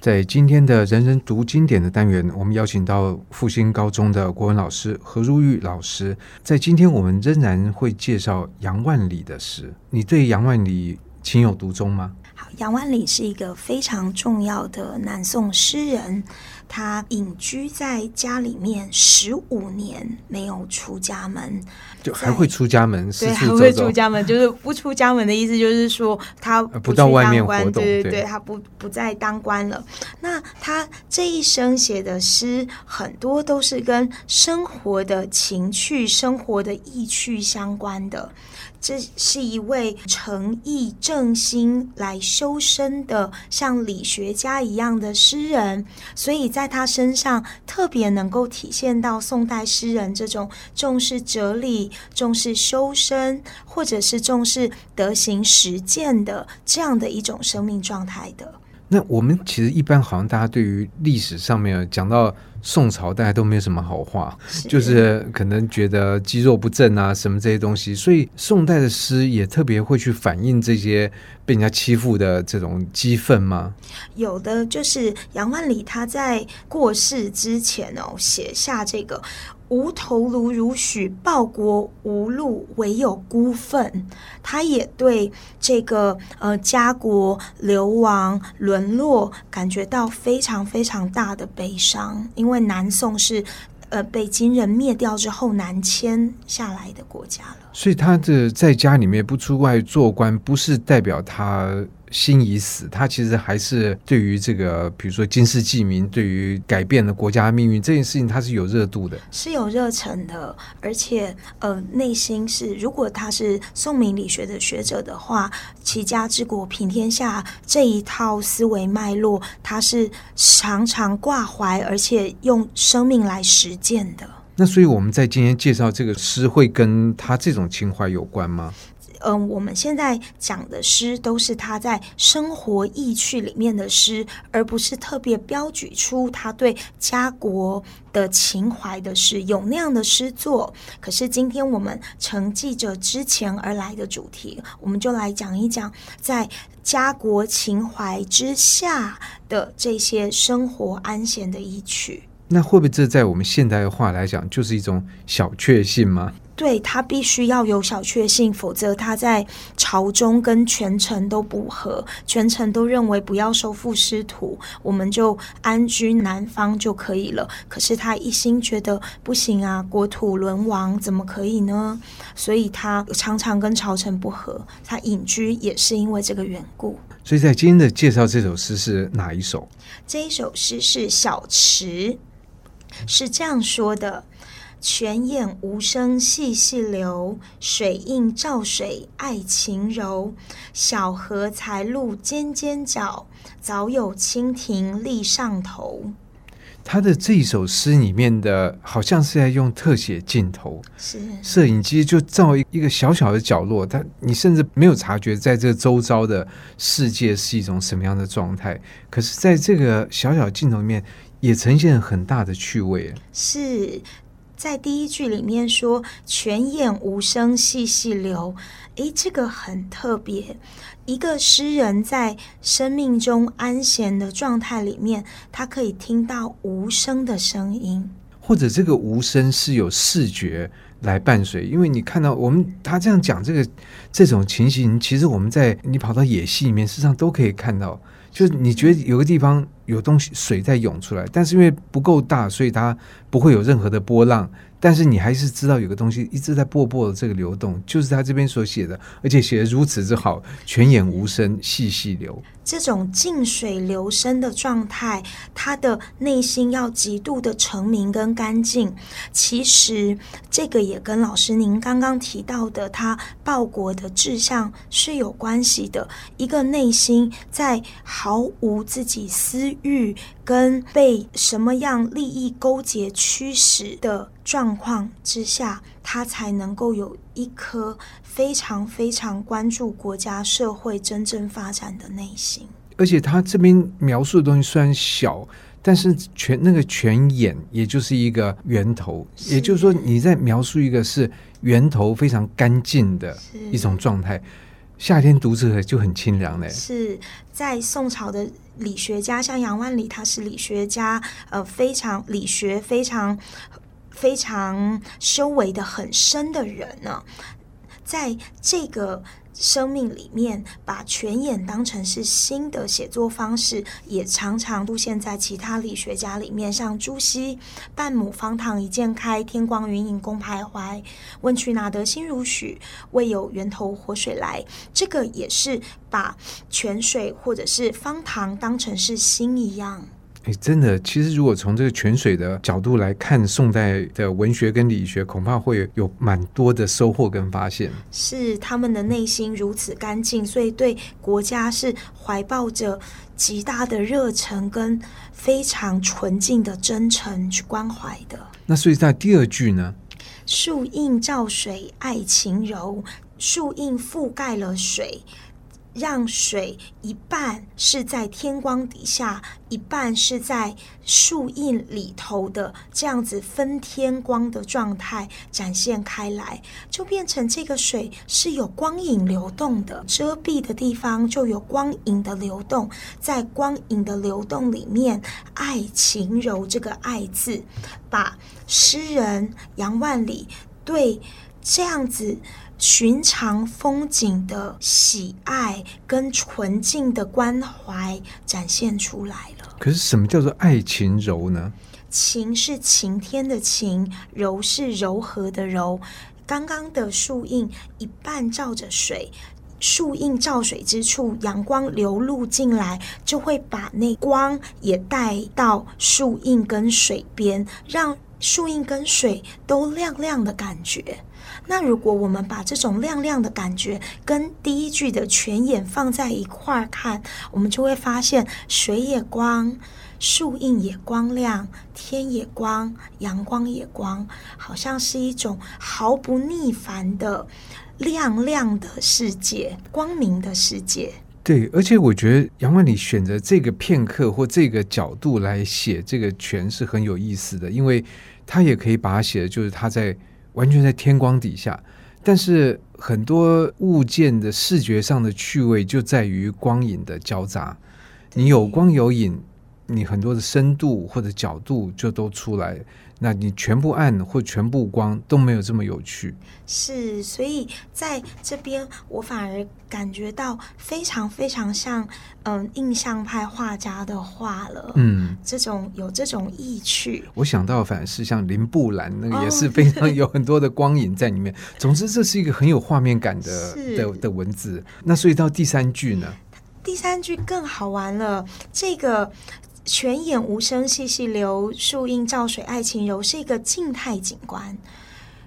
在今天的人人讀經典的單元，我們邀請到復興高中的國文老師何儒育老師。在今天，我們仍然會介紹楊萬里的詩。你對楊萬里情有獨鍾嗎？好，楊萬里是一個非常重要的南宋詩人。他隱居在家裡面十五年，沒有出家門，就還會出家門，對，四四周周對，還會出家門， 就是不出家門的意思，就是說他不，去不到外面活動對對對，他不不再，他不，不再當官了。那他這一生寫的詩，很多都是跟生活的情趣、生活的意趣相關的。這是一位誠意正心來修身的，像理學家一樣的詩人，所以在他身上特別能夠體現到宋代詩人這種重視哲理、重視修身，或者是重視德行實踐的這樣的一種生命狀態的。那我們其實一般好像大家對於歷史上面講到。宋朝大家都沒有什麼好話，就是可能覺得肌肉不振啊，什麼這些東西。所以宋代的詩也特別會去反映這些被人家欺負的這種激憤嘛？有的，就是楊萬里他在過世之前哦，寫下這個“吾頭顱如許，報國無路，惟有孤憤。”他也對這個呃家國流亡淪落感覺到非常非常大的悲傷，因為。因為南宋是，呃，被金人滅掉之後南遷下來的國家了，所以他的在家裡面不出外做官，不是代表他。心已死，他其實還是對於這個，比如說經世濟民，對於改變了國家的命運這件事情，他是有熱度的，是有熱忱的，而且呃，內心是，如果他是宋明理學的學者的話，齊家治國平天下這一套思維脈絡，他是常常掛懷，而且用生命來實踐的。那所以我們在今天介紹這個詩，會跟他這種情懷有關嗎？嗯，我們現在講的詩都是他在生活意趣裡面的詩，而不是特別標舉出他對家國的情懷的詩。有那樣的詩作，可是今天我們承繼着之前而來的主題，我們就來講一講在家國情懷之下的這些生活安閒的意趣。那會不會這在我們現代的話來講，就是一種小確幸嗎？對，他必須要有小確幸，否則他在朝中跟權臣都不和，權臣都認為不要收復失土，我們就安居南方就可以了。可是他一心覺得不行啊，國土淪亡怎麼可以呢？所以他常常跟朝臣不和，他隱居也是因為這個緣故。所以在今天的介紹，這首詩是哪一首？這一首詩是《小池》，是這樣說的。泉眼無聲惜細流，樹陰照水愛晴柔。小荷才露尖尖角，早有蜻蜓立上頭。他的這一首詩裡面的好像是在用特寫鏡頭，是攝影機就照一一個小小的角落，但你甚至沒有察覺，在這周遭的世界是一種什麼樣的狀態。可是，在這個小小鏡頭裡面，也呈現很大的趣味。是。在第一句裡面說“泉眼無聲細細流”，誒、欸，這個很特別。一個詩人在生命中安閒的狀態裡面，他可以聽到無聲的聲音，或者這個無聲是有視覺來伴隨。因為你看到我們他這樣講這個這種情形，其實我們在你跑到野溪裡面，事實上都可以看到。就你覺得有個地方。有東西水在湧出來，但是因為不夠大，所以它不會有任何的波浪。但是你還是知道有個東西一直在波波的這個流動，就是他這邊所寫的，而且寫的如此之好，泉眼無聲細細流。這種靜水流深的狀態，他的內心要極度的澄明跟乾淨。其實這個也跟老師您剛剛提到的他報國的志向是有關係的。一個內心在毫無自己私欲，欲跟被什麼樣利益勾結驅使的狀況之下，他才能夠有一顆非常非常關注國家社會真正發展的內心。而且他這邊描述的東西雖然小，但是泉、嗯、那個泉眼，也就是一個源頭，也就是說你在描述一個是源頭非常乾淨的一種狀態。夏天讀者就很清涼呢，是在宋朝的，理學家像楊萬里，他是理學家，呃，非常理學非常非常修為的很深的人呢、啊，在這個生命裡面，把泉眼當成是心的寫作方式，也常常出現在其他理學家裡面，像朱熹：“半畝方塘一鑑開，天光雲影共徘徊。問渠哪得清如許？為有源頭活水來。”這個也是把泉水或者是方塘當成是心一樣。誒，真的，其實如果從這個泉水的角度來看宋代的文學跟理學，恐怕會有蠻多的收穫跟發現。是他們的內心如此乾淨，所以對國家是懷抱着極大的熱忱跟非常純淨的真誠去關懷的。那所以在第二句呢？樹陰照水，愛晴柔，樹陰覆蓋了水。讓水一半是在天光底下，一半是在樹蔭裡頭的這樣子分天光的狀態展現開來，就變成這個水是有光影流動的，遮蔽的地方就有光影的流動，在光影的流動裡面，“愛晴柔”這個“愛”字，把詩人楊萬里對這樣子。尋常風景的喜愛跟純淨的關懷展現出來了。可是，什麼叫做“愛晴柔”呢？“晴”是晴天的“晴”，“柔”是柔和的“柔”。剛剛的樹蔭一半照着水，樹蔭照水之處，陽光流露進來，就會把那光也帶到樹蔭跟水邊，讓樹蔭跟水都亮亮的感覺。那如果我們把這種亮亮的感覺跟第一句的泉眼放在一塊兒看，我們就會發現水也光，樹影也光亮，天也光，陽光也光，好像是一種毫不逆反的亮亮的世界，光明的世界。對，而且我覺得楊萬里選擇這個片刻或這個角度來寫這個泉是很有意思的，因為他也可以把它寫的就是他在。完全在天光底下，但是很多物件的視覺上的趣味就在於光影的交雜。你有光有影，你很多的深度或者角度就都出來。那你全部暗，或全部光都沒有這麼有趣，是，所以在這邊我反而感覺到非常非常像，嗯，印象派畫家的畫了，嗯，這種有這種意趣。我想到反而是像林布蘭，那個也是非常有很多的光影在裡面。哦、總之，這是一個很有畫面感的是的的文字。那所以到第三句呢？第三句更好玩了，這個。泉眼無聲細細流，樹蔭照水愛晴柔，是一個靜態景觀。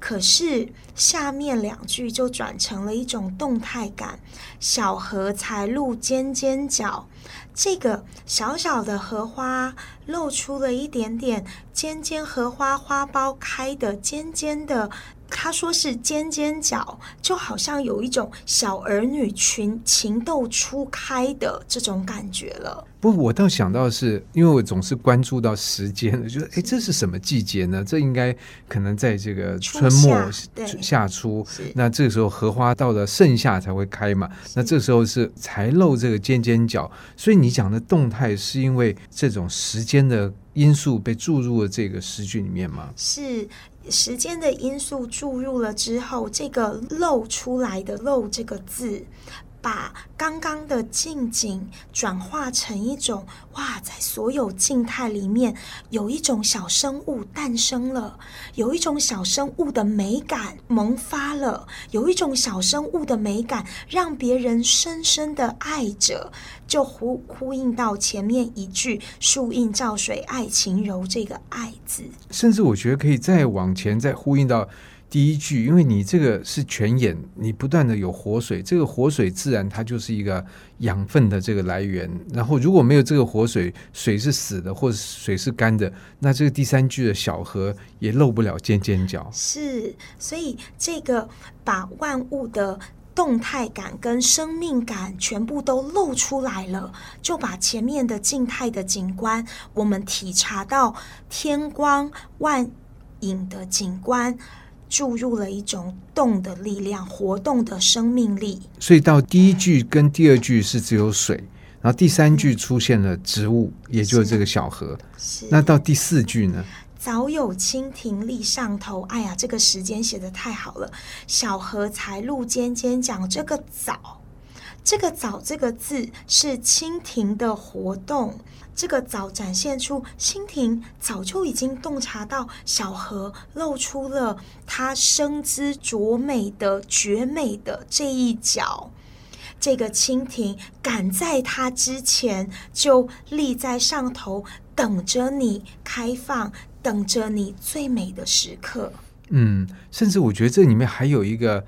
可是下面兩句就轉成了一種動態感。小荷才露尖尖角，這個小小的荷花露出了一點點尖尖，荷花花苞開的尖尖的。他說是尖尖角，就好像有一種小兒女群情竇初開的這種感覺了。不，我倒想到是，因為我總是關注到時間，我覺得哎，這是什麼季節呢？這應該可能在這個春末夏，夏，夏初，那這個時候荷花到了盛夏才會開嘛。那這個時候是才露這個尖尖角，所以你講的動態是因為這種時間的因素被注入了這個詩句裡面嗎？是。時間的因素注入了之後，這個露出來的露這個字，把剛剛的近景轉化成一種哇，在所有靜態裡面有一種小生物誕生了，有一種小生物的美感萌發了，有一種小生物的美感讓別人深深的愛着，就呼呼應到前面一句“樹陰照水，愛晴柔”這個“愛”字，甚至我覺得可以再往前再呼應到，第一句，因為你這個是泉眼，你不斷的有活水，這個活水自然它就是一個養分的這個來源。然後如果沒有這個活水，水是死的，或者水是乾的，那這個第三句的小荷也露不了尖尖角。是，所以這個把萬物的動態感跟生命感全部都露出來了，就把前面的靜態的景觀，我們體察到天光萬影的景觀注入了一種動的力量，活動的生命力。所以到第一句跟第二句是只有水，嗯、然後第三句出現了植物，嗯、也就是這個小荷。那到第四句呢？嗯、早有蜻蜓立上頭。哎呀，這個時間寫得太好了。小荷才露尖尖角，這個早。這個“早”這個字是蜻蜓的活動。這個“早”展現出蜻蜓早就已經洞察到小荷露出了它生姿卓美的絕美的這一角。這個蜻蜓趕在它之前就立在上頭，等着你開放，等着你最美的時刻。嗯，甚至我覺得這裡面還有一個。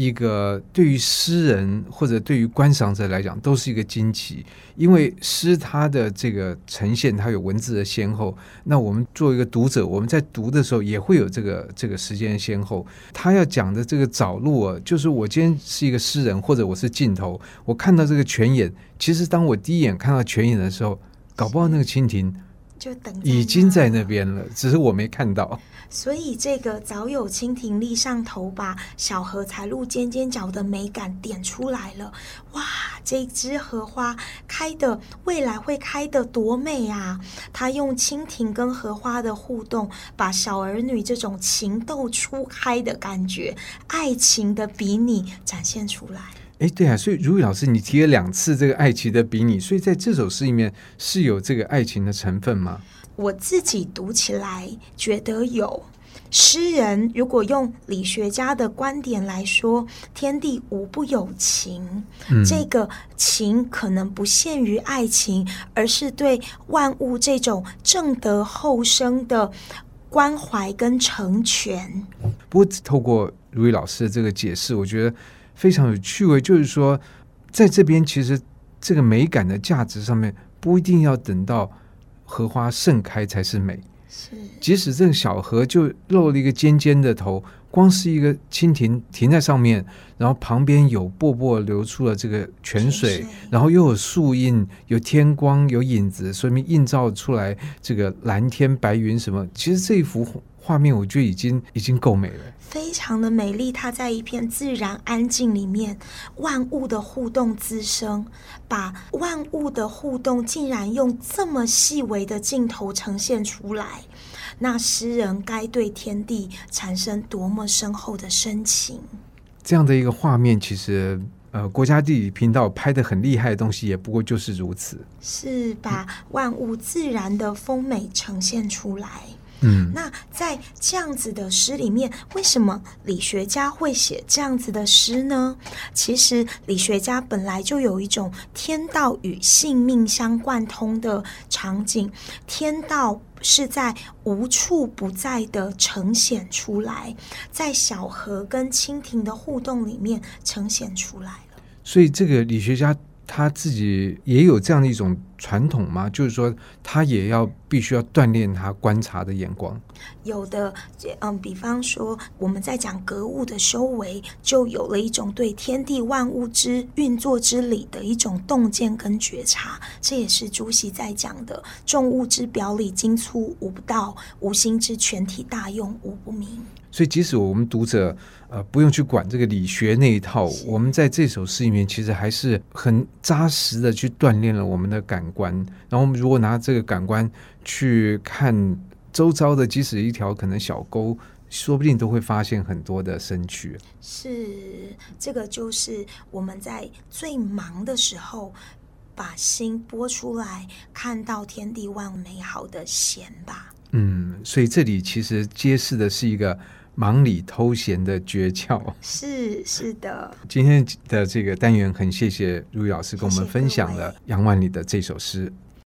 一個對於詩人或者對於觀賞者來講都是一個驚奇，因為詩它的這個呈現，它有文字的先後。那我們做一個讀者，我們在讀的時候也會有這個這個時間先後。他要講的這個早有啊，就是我今天是一個詩人，或者我是鏡頭，我看到這個泉眼。其實當我第一眼看到泉眼的時候，搞不好那個蜻蜓就等已經在那邊了，只是我沒看到。所以這個早有蜻蜓立上頭，把小荷才露尖尖角的美感點出來了。哇，這一枝荷花開的，未來會開得多美啊！它用蜻蜓跟荷花的互動，把小兒女這種情竇初開的感覺、愛情的比擬展現出來。哎，對啊。所以儒育老師，你提了兩次這個愛情的比擬，所以在這首詩裡面是有這個愛情的成分嗎？我自己讀起來覺得有。詩人如果用理學家的觀點來說，天地無不有情，嗯、這個情可能不限於愛情，而是對萬物這種正德厚生的關懷跟成全。不過，透過儒育老師的這個解釋，我覺得。非常有趣味，就是說，在這邊其實這個美感的價值上面，不一定要等到荷花盛開才是美。是，即使這個小荷就露了一個尖尖的頭，光是一個蜻蜓停在上面，然後旁邊有瀑布流出了這個泉水，然後又有樹蔭，有天光，有影子，說明映照出來這個藍天白雲什麼。其實這一幅。畫面我覺得已經已經夠美了，非常的美麗。它在一片自然安靜裡面，萬物的互動滋生，把萬物的互動竟然用這麼細微的鏡頭呈現出來，那詩人該對天地產生多麼深厚的深情！這樣的一個畫面，其實呃，國家地理頻道拍得很厲害的東西，也不過就是如此。是把萬物自然的豐美呈現出來。嗯嗯，那在這樣子的詩裡面，為什麼理學家會寫這樣子的詩呢？其實理學家本來就有一種天道與性命相貫通的場景，天道是在無處不在的呈現出來，在小荷跟蜻蜓的互動裡面呈現出來了。所以這個理學家。他自己也有這樣的一種傳統嗎？就是說，他也要必須要鍛鍊他觀察的眼光。有的，嗯，比方說，我們在講格物的修為，就有了一種對天地萬物之運作之理的一種洞見跟覺察。這也是朱熹在講的：眾物之表裡精粗無不到，吾心之全體大用無不明。所以，即使我們讀者呃不用去管這個理學那一套，我們在這首詩裡面其實還是很扎實的去鍛鍊了我們的感官。然後，我們如果拿這個感官去看周遭的，即使一條可能小溝，說不定都會發現很多的生趣。是，這個就是我們在最忙的時候把心撥出來，看到天地萬物美好的閒吧。嗯，所以這裡其實揭示的是一個。忙裡偷閒的訣竅是是的，今天的這個單元很謝謝儒育老師跟我們分享了楊萬里的這首詩。